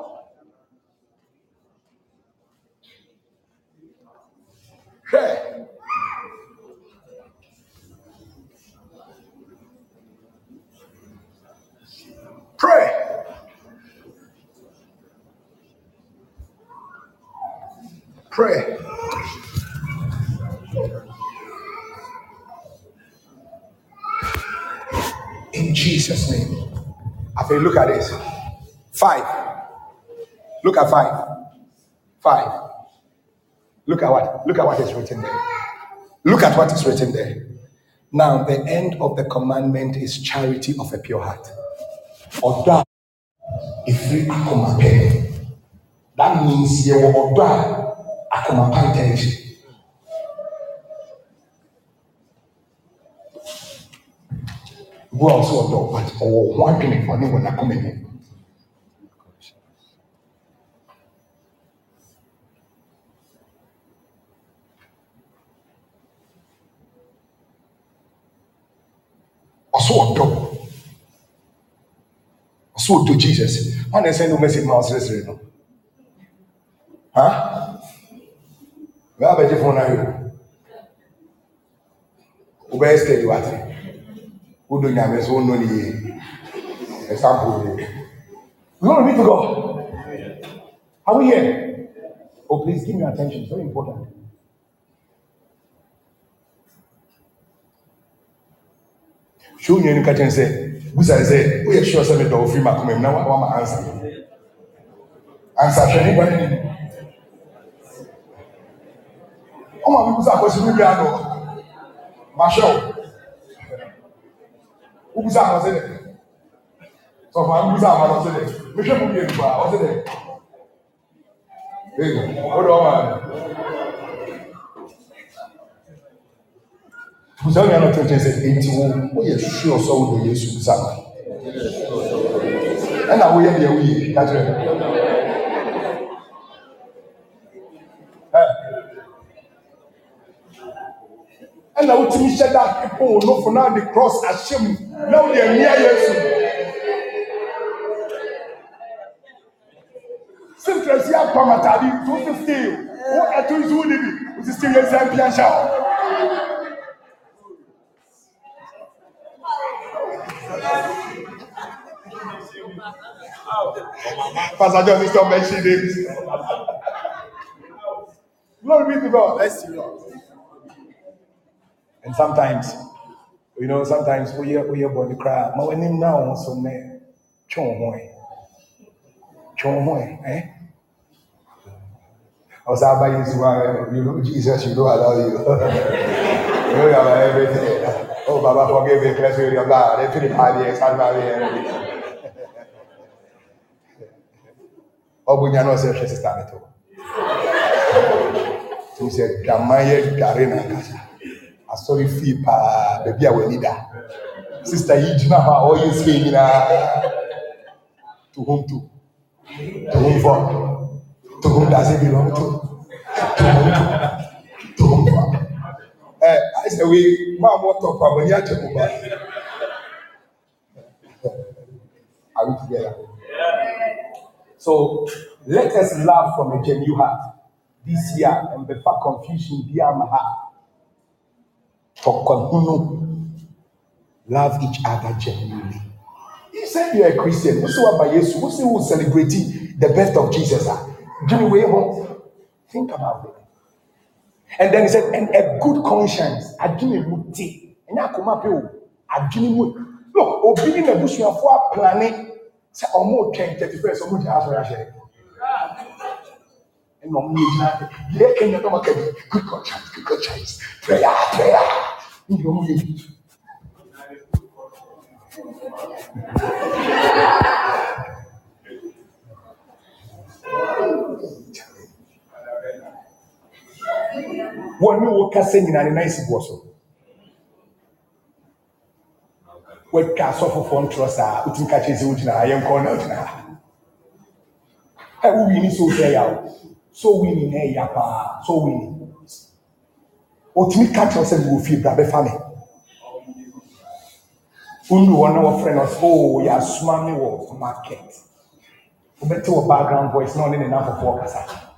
[SPEAKER 1] Hey. Pray. Pray. In Jesus' name. I think look at this. Five. Look at five. Five. Look at what? Look at what is written there. Look at what is written there. Now, the end of the commandment is charity of a pure heart. Ọ̀dọ́ ìfiri akọ̀mọ̀pẹ́. That means yẹ wọ ọ̀dọ́ akọ̀mọ̀pẹ́ intention. Gbọ́ àwọn sọ ọ̀dọ́ ọ̀wọ̀ wọn adùn ìfọ̀ ní wọn akọ̀mọ̀pẹ́. ɔso ɔdɔ ɔso ɔdɔ jesus wọn ɛsɛn ní o mɛsɛ ma ɔsrɛsrɛ no ha bɛyà bɛgye fún n'ayɔ o bɛyɛ steady wate o do nyame so on? nɔ ne yie example de glory be to god are we here oh please give me attention it's very important. hwɛ onua nika kyɛn sɛ busa sɛ woyɛ sure sɛ medɔ ofiri mako mam na wama ansa ansa hwɛ ne ba ne nim ɔma bibusa akɔsi wo bia no mahyɛ wo wobusa akɔ sɛ dɛ sɔfo an busa akɔ sɛ dɛ mehwɛ mu bie nipa ɔsɛ dɛ ee wɔde ɔma saa oh, nua no to kyerɛ sɛ eti wo woyɛ sure sɛ wo de yesu bisa no ɛna woyɛ deɛ woyɛ kakyɛ ɛna wotumi hyɛ da pepo wo nofo na de cross ahyɛ mu na wode amia yesu simtrɛsi apam atade 250 wo ɛto nso wo ne bi wosisi yɛsɛ mpia nhyɛ wo Pastor John, stop mentioning names. Glory be to God. Bless you, Lord. And sometimes, you know, sometimes we hear we hear body cry. My name now is so ne chong hoi. Chong hoi, eh? I was about you to you know, Jesus, you know I love you. you know you have everything. Oh Baba, forgive me, bless me with your blood. They feel it five years, ọ bụ ya na ọsọ hwɛ sista ne to tumi sɛ dwaman yɛ dware na nkasa asɔre fii paa baabi a w'ani da sista yi gyina hɔ eh, a ɔyɛ sika nyinaa tohonto tohonfɔ tohondase bi lɔnto tohonto tohonfɔ ɛ ayisa wei maa mo tɔ pa mo ni akyɛ mo ba are we together. So let us love from a genuine heart this year and before confusion be our heart. For kahunu, love each other genuinely. He said you're a Christian. Who say about Jesus? Who say who's celebrating the best of Jesus? ah? Jimmy way home. Think about it. And then he said, and a good conscience. I give good tea. Adwene I te. Ɛnyɛ akoma pe o. Adwene mu. No, obi ne n'abusuafoɔ aplane sɛ ɔmo twɛn thirty first ɔmo gyina asɔre ahyɛ ɛna ɔmo yɛ gyina ase yɛ kenya dɔm aka bi good conscience good conscience prayer prayer ɛna ɔmo yɛ bi. wɔn ne wo kasa nyinaa ne nice si so. wɔatwa asɔfofoɔ ntorɔ saa wotumi ka kyerɛ sɛ wogyina ha yɛnkɔ na wogyina ha ɛ wowii ni sɛ wosɛ yaw sɛ wowii ni na ɛya paa sɛ wowii ni wotumi ka kyerɛ sɛ mewɔ fie bra bɛfa me wonu wɔn na wɔfrɛ no sɛ oo oh, yɛasoma me wɔ market wobɛte wɔ background voice na ɔne ne nam fofoɔ kasa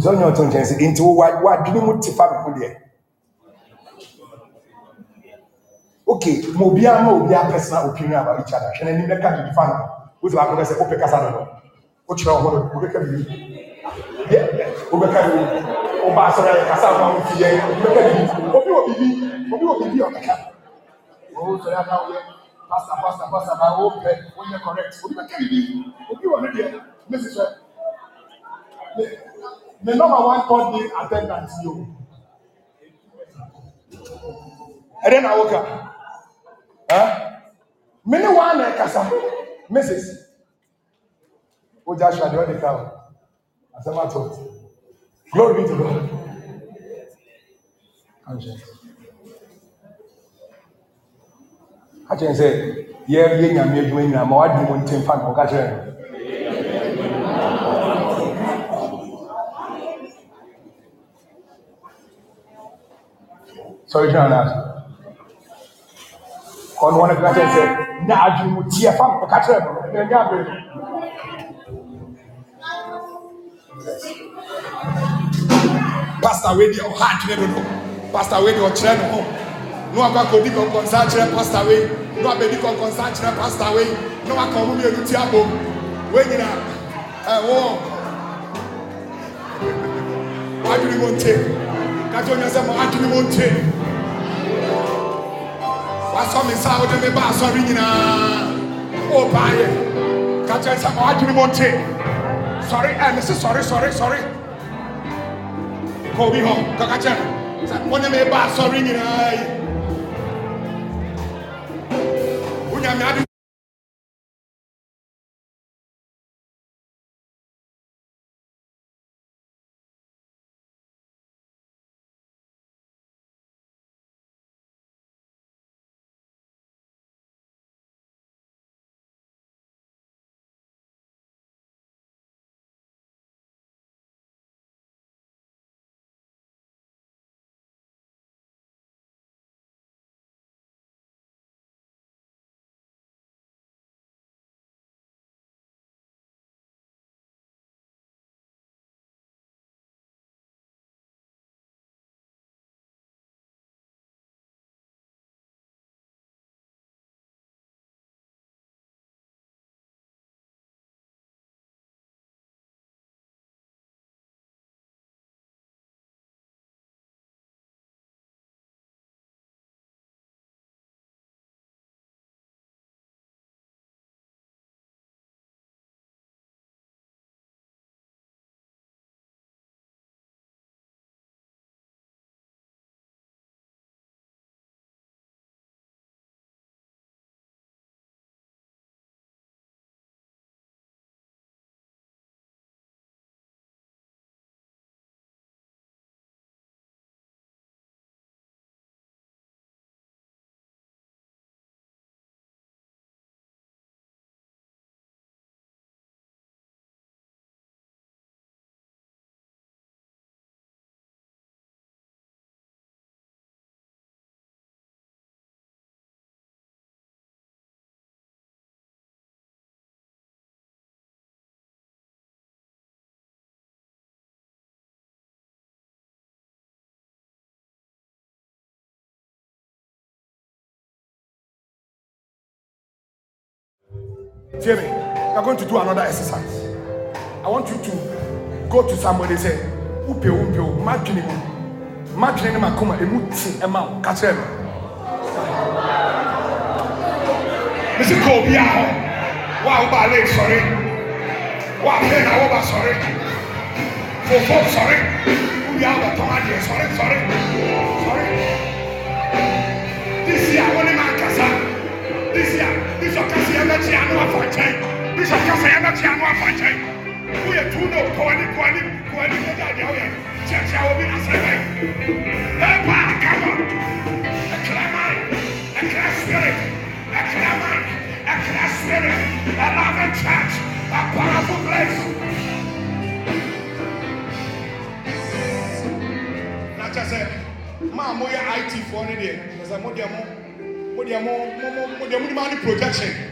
[SPEAKER 1] sɛ ɔnyɛ ɔtɔ nkyɛn sɛ nti wo wa- wadwene mu te fa me ho deɛ okay ma obiara ma obiara personal opinion about each other hwɛ n'anim bɛka biribi fa no ho wosi baako bɛ sɛ wopɛ kasa no ho wokyerɛ wo ho no wobɛka biribi yɛ wobɛka biribi ɔba asɔre ayɛ kasa ama wo fi yɛn wobɛka biribi obi wɔ biribi obi wɔ biribi a ɔbɛka owó sọ̀rọ̀ àná wọlé pásítà pásítà pásítà bá owó pẹ̀ wọ́n yẹ correct onímọ̀ kẹ́lí bí obi wọ̀ nídìí ẹ̀ mẹ́sì sọ The number one called me attendance you. And then I woke up. Huh? Many one kasa. Mrs. Oh Joshua, do you want the cow? As I'm Glory be to God. Conscience. Kakyɛ sɛ yɛ yɛ nyame adwuma nyinaa ma wadi mu ntɛm fa nkɔ kakyɛ no sɔrɔ gyina n'ase ɔno wɔn kaka kyerɛ sɛ na adwene mu tie fa kaka kyerɛ no ɛnyɛ nyɛ abiri pastor wei deɛ ɔha adwene no no pastor wei deɛ ɔkyerɛ no ho na wakɔ akɔdi kɔnkɔnsa kyerɛ pastor wei na wabɛdi kɔnkɔnsa kyerɛ pastor wei na waka ɔmo mmienu ti abɔ wei nyinaa ɛwɔ wadwene mu nte kakye onyaa sɛ mo adwene mu nte. asɔ mi nsa wɔde mi ba asɔre nyinaa o ba yɛ kakyɛ sɛ ɔadwene mo nte sɔre ɛn si sɔre sɔre sɔre kɔ obi hɔ kɔka kyɛ no sɛ wɔde mi ba asɔre nyinaa yi wonyame Hear me. You are going to do another exercise. I want you to go to somebody and say, Upe, upe, imagine him. Imagine him, come emu ti ema catch him. This is called Yahoo. Wow, ba late, sorry. Wow, hey, now, sorry. For sorry. Uya have a sorry, sorry. afɔnkyɛn bishop kasa yɛ bɛte ano afɔnkyɛn woyɛ tu no kɔɔni kɔɔni kɔɔni ɛda deɛ woyɛ kyɛkyɛ wɔ bi asɛ bɛn ɛba kama ɛkra man ɛkra spirit ɛkra man ɛkra spirit ɛlava church a powerful place. na kyɛ sɛ maa moyɛ it foɔ no deɛ kyɛ sɛ modeɛ mo modeɛ mo mo modeɛ mo ne maa ne projection.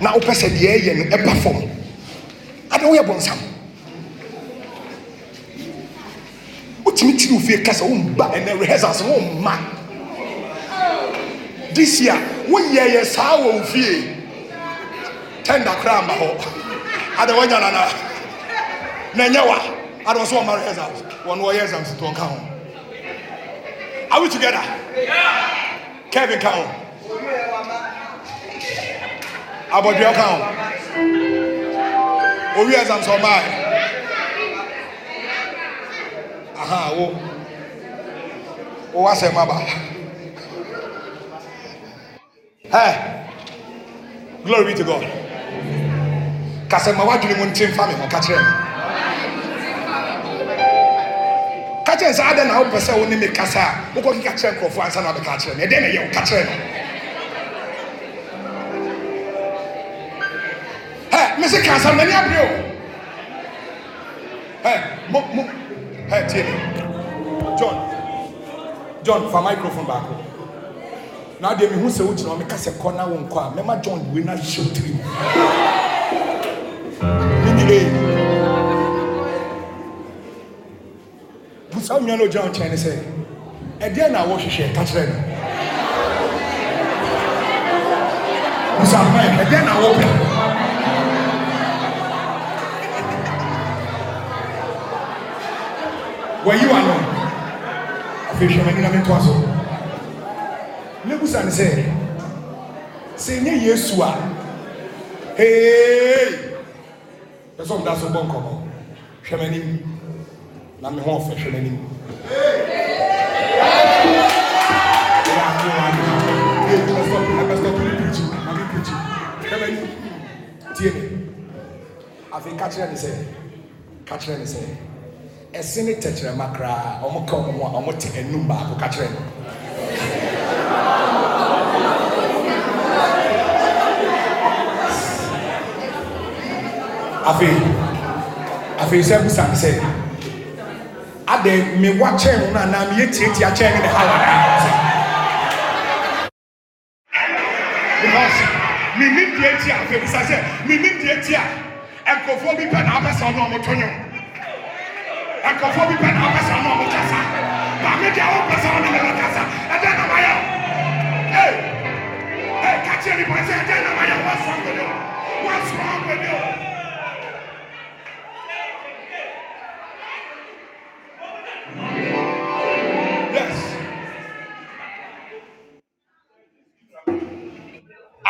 [SPEAKER 1] na wopɛ sɛ deɛ ɛyɛ no ɛba fam ade woyɛ bɔnsam wotumi tiri wo fie kasa womba ɛnɛ rehearsals womma this year woyɛyɛ saa wɔ wo fie tenda koraa mma hɔ ade woanya nana na ɛnyɛ wa ade wɔ so wɔma rehearsals wɔno wɔyɛ exams nti ɔnka ho are we together yeah. kevin ka ho abɔdua ka ho owi ɛsam sɛ ɔmaa aha wo wo asɛm aba ɛ glory be to god kasɛma wadwene mu nti mfa me ho ka kyerɛ me ka kyerɛ sɛ adɛn na wopɛ sɛ wo ne me kasa a wokɔ keka kyerɛ nkurɔfoɔ ansa na wabɛka kyerɛ me ɛdɛn na ɛyɛ wo ka kyerɛ ɛ mese kansa mɛ ni abiri o ɛ mo mo ɛ tie mi john john fa microphone baako na adeɛ mi hu sɛ o gyina hɔ mi kasa kɔ na wɔn kɔ a mɛma john wei na hyɛ o tiri mu ne nyinaa. saa nua no gyina wo nkyɛn ne sɛ ɛdeɛ na wɔhwehwɛ ka kyerɛ no busa mɛ ɛdeɛ na wɔpɛ wɔyi wa no afei hwɛ m'ani na mi ntoa so lebusa ne sɛ sɛ nye yesu a hee pɛ sɛ ɔmo da so bɔ nkɔmɔ hwɛ m'anim na mi ho ɔfɛ hwɛ m'anim. tie me afei ka kyerɛ ne sɛ ka kyerɛ ne sɛ ɛse ne tɛkyerɛma koraa ɔmo ka ɔmo a ɔmo te enum baako ka kyerɛ no afei afei sɛ busa mi sɛ adɛ mi wa kyɛn no anaa mi yɛ tietia kyɛn no ne ha wa naa sɛ because mi ni tietia afei busa sɛ mi ni tietia nkurɔfoɔ bi pɛ na abɛsa ɔno ɔmo ɛkɔfo bi pɛ na ɔkasa na ɔmo kasa maame deɛ ɔmo kasa ɔmo ne mo kasa ɛdɛ na ma yɛ o ee ee kakyɛ nipa sɛ ɛdɛ na ma yɛ o wɔsɔ agbede o wɔsɔ agbede o. yes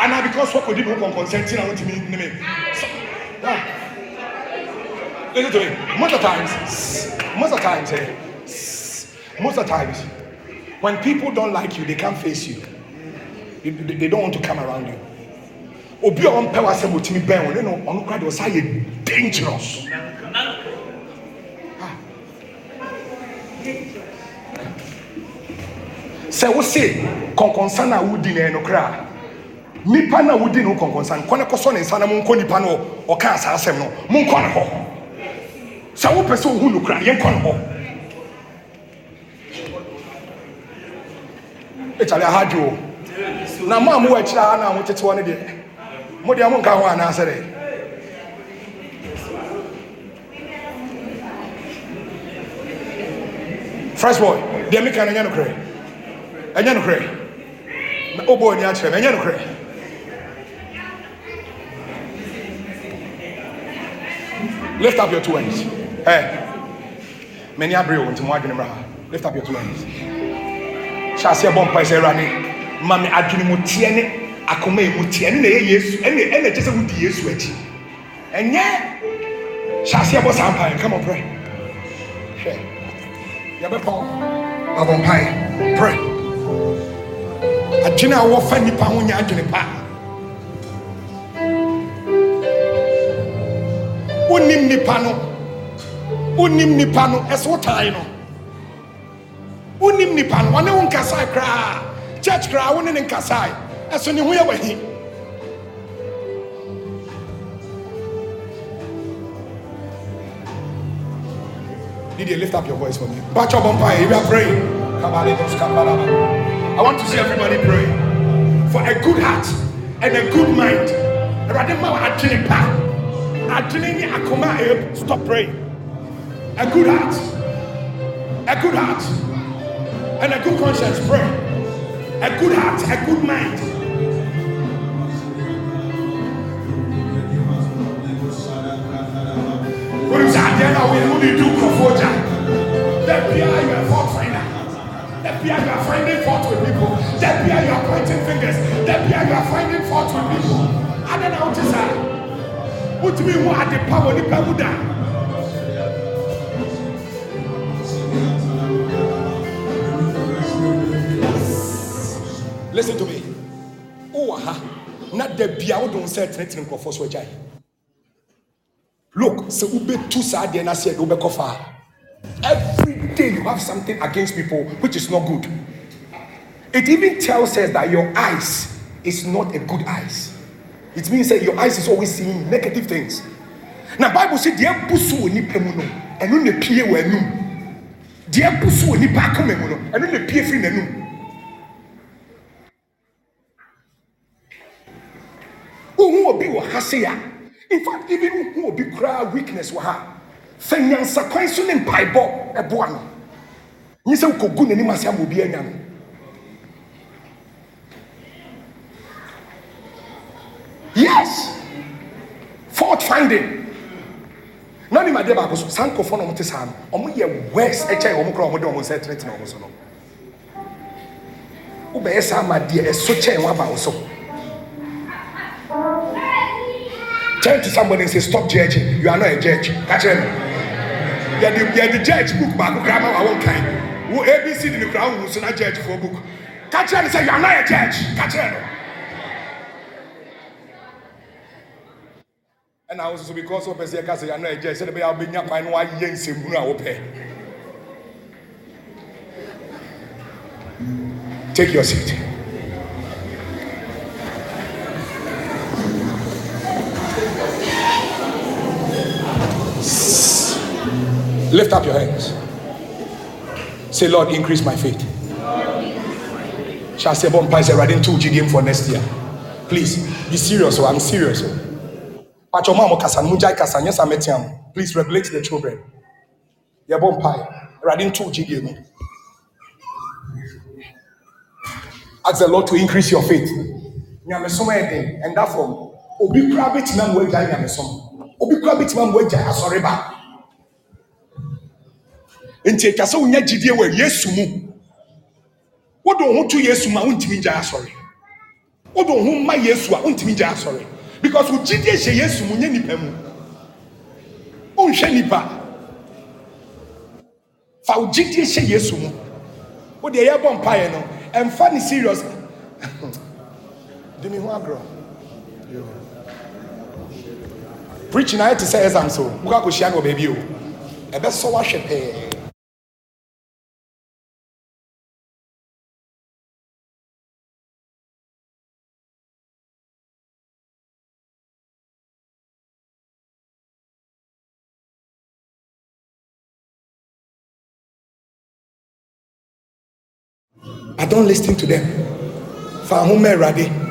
[SPEAKER 1] ana because wɔkɔ di ko kɔnkɔn sɛ ntina wɔn ti mi ne Listen to me. Most of times, most of times, eh, most of times, when people don't like you, they can't face you. They, they, they don't want to come around you. Obi on wọn pẹ wa sẹ mo ti mi bẹn wọn nínú ọ̀nù kura de ọ̀sá dangerous. Sẹ wo se kọ̀nkọ̀nsa na wo di na ẹnu kura nipa na wo di na kọ̀nkọ̀nsa nkọ́ ne kọ́sọ́ ne nsa na mo nkọ́ nipa no ọ̀ka asa asẹ́m no sɛ wopɛ sɛ ohu nokora yɛnkɔ no hɔ ɛkyale ahadwo o na ma mo wɔ akyirɛ a na motete hɔ no deɛ modeɛ monka ho anaasɛ dɛ First boy deɛ meka no ɛnyɛ nokorɛ ɛnyɛ nokorɛ wobɔ ani akyerɛ me ɛnyɛ nokorɛ lift up your two hands Eh, mani abere wo nti mo adwene mmra ha lift up your two hands see a bomb mpae sɛ awurade ma me adwene mu teɛ ne akoma yi mu teɛ ɛne na ɛyɛ yesu ɛne ɛna ɛkyɛ sɛ wodi yesu akyi ɛnyɛ hyɛ aseɛ bɔ saa mpae nkama pray hwɛ yɛbɛpɔn abɔ mpae pray adwene a wɔfa nipa ho nyɛ adwene paa wonim nipa no wonim nipa no ɛsɛ wotae no wonim nipa no ɔne wo nkasae koraa church koraa wone ne ne nkasae ɛso ne ho yɛ wahi Did you lift up your voice for me? Batch up umpire, if you are praying. I want to see everybody pray for a good heart and a good mind. Eh, stop praying. A good heart. A good heart. And a good conscience. Pray. A good heart. A good mind. What is That Then I will only do That fear you are fault finder. That fear you are finding fault with people. That fear you are pointing fingers. That fear you are finding fault with people. I don't know what to say. What do you want at the power? The power down. listen to me wowɔ ha na da bia wode wo sɛ tenetene nkurɔfoɔ so agyae look sɛ ube saa deɛ no aseɛ de wobɛkɔ faa every day you have something against people which is not good it even tells us that your eyes is not a good eyes it means that your eyes is always seeing negative things Now, bible say deɛ busu so wɔ nipa mu no ɛno na pie wɔ anum deɛ bu so wɔ nipa akoma mu no ɛno na pie firi n'anum. wohu obi wɔ ha se In fact, even wohu obi koraa weakness wɔ ha sɛ nyansakwan so ne mpaebɔ ɛboa no nyi sɛ wokɔgu n'anim ase ama obi anya no yes fault finding na mi ma de baako so saa nkɔfo na ɔmo te saa no ɔmo yɛ wɛs ɛkyɛ ɔmo kora ɔmo de ɔmo nsa tenetene ɔmo so no wobɛyɛ saa ma deɛ ɛso kyɛn waba wo so. turn to somebody and say stop judging you are not a judge catch him yɛde yɛde judge book baako kura ama wɔn kan wo abc de ne kura ahu so na judge for book catch him say you are not a judge catch him. ɛna awo soso because say wɔpɛ sɛ not a judge. ano ɛgya sɛ ɛbɛyɛ awo bɛnya kwan no ayɛ nsɛmunu a wɔpɛ take your seat. Lift up your hands. Say, Lord, increase my faith. Shall say, bomb Pies, riding two GDM for next year. Please be serious. Oh, I'm serious. But your mom, Please regulate the children. Your bomb Pie, riding two GDM. Ask the Lord to increase your faith. And therefore, Obi Krabbit man, where Obi Krabbit man, where Asoriba. nti atwa sɛ wonya gyidie wɔ yesu mu wode wo ho to yesu mu a wontumi ngya asɔre wode wo ho ma yesu a wontumi ngya asɔre because wo gyidie hyɛ yesu mu nyɛ nipa mu wonhwɛ nipa fa wo gyidie hyɛ yesu mu wode ɛyɛ bɔ mpaeɛ no ɛmfa ne serious de me ho agorɔ preaching ayɛ te sɛ exam so wokakɔhyia no wɔ baabi o ɛbɛsɔ woahwɛ pɛɛ I don't listen to them. For whom Fahome Rade.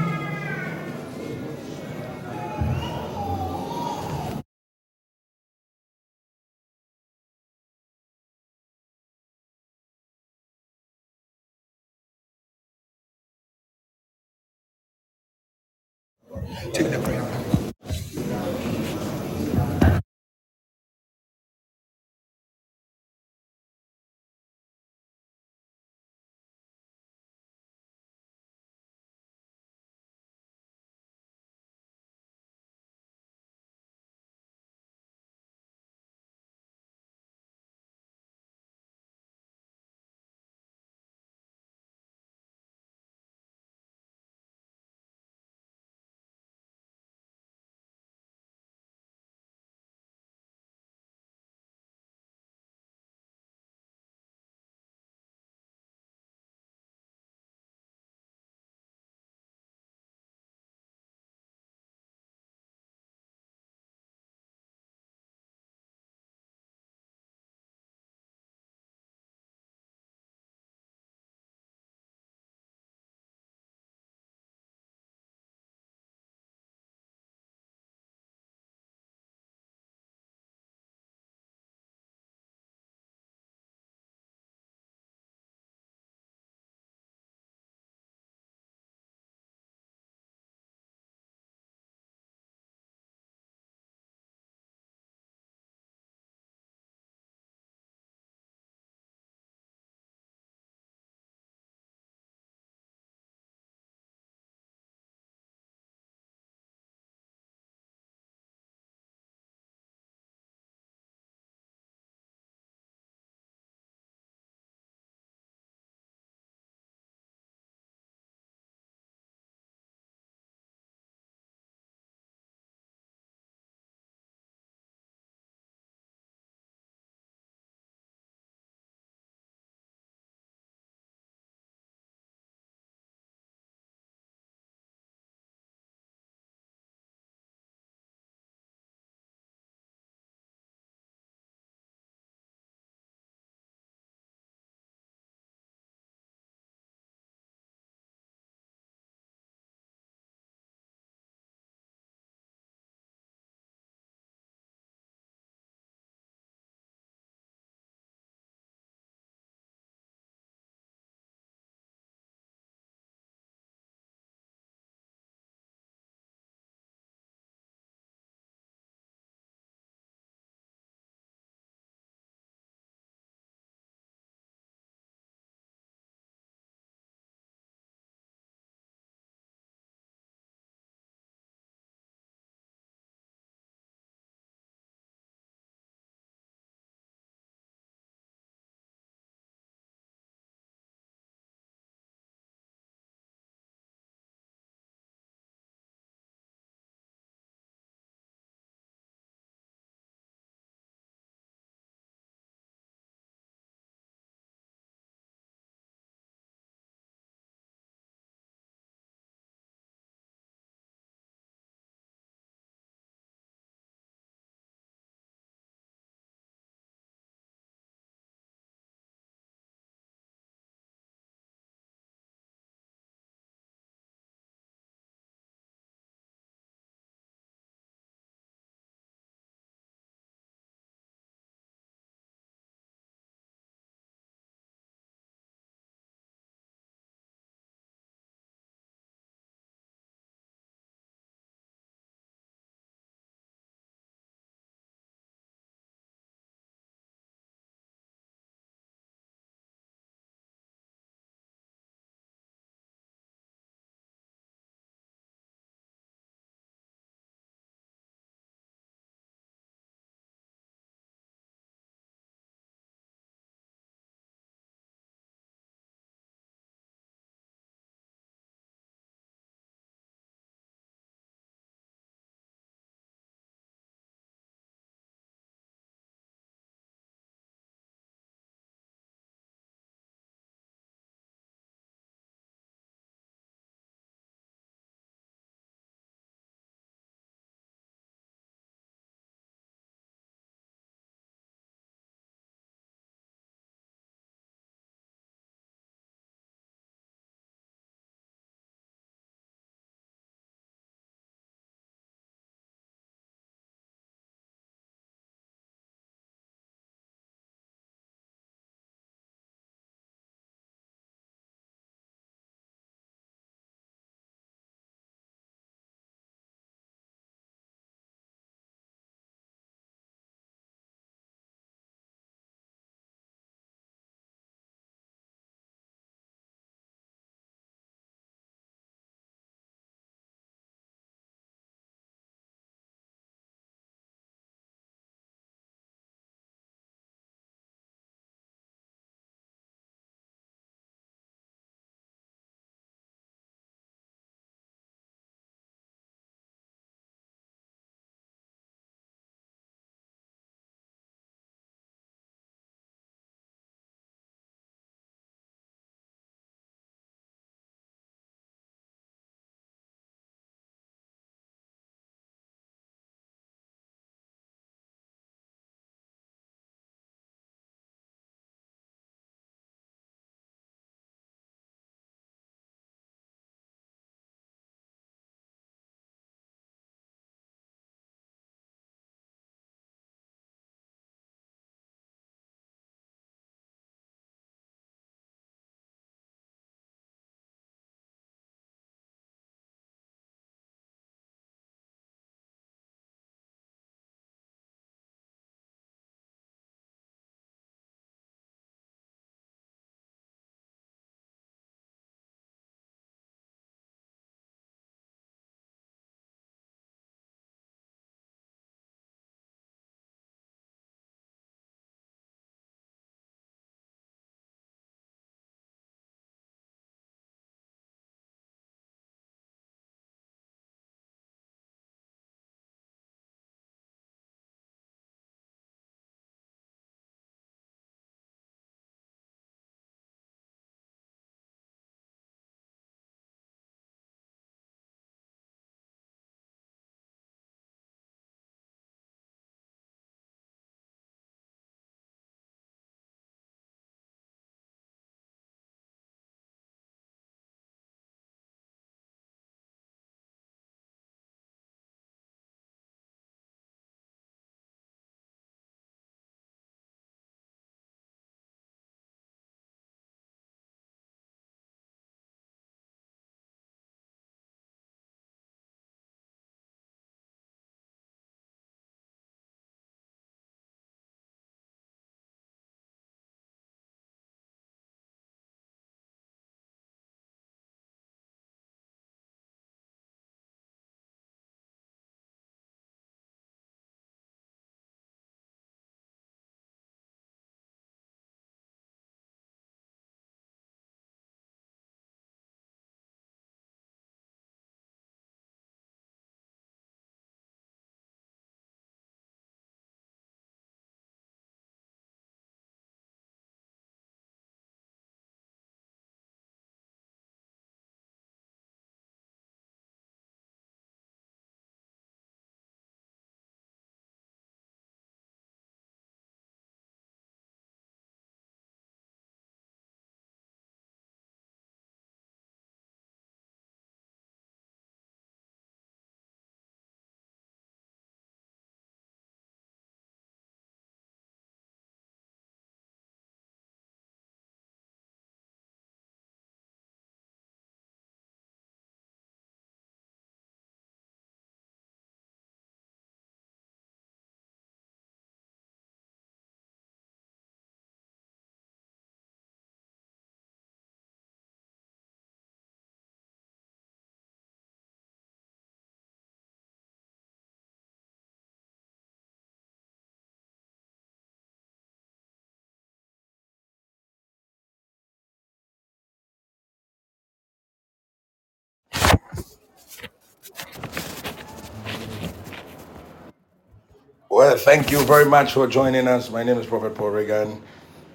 [SPEAKER 1] Well, thank you very much for joining us. My name is Prophet Paul Reagan.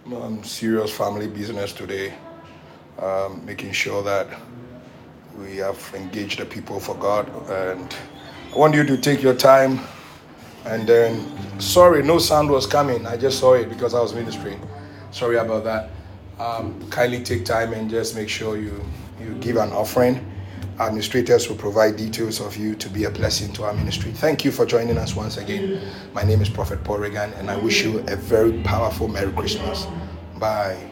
[SPEAKER 1] I'm serious family business today, um, making sure that we have engaged the people for God. And I want you to take your time. And then, sorry, no sound was coming. I just saw it because I was ministering. Sorry about that. Um, kindly take time and just make sure you you give an offering administrators will provide details of you to be a blessing to our ministry. Thank you for joining us once again. My name is Prophet Paul Reagan, and I wish you a very powerful Merry Christmas. Bye.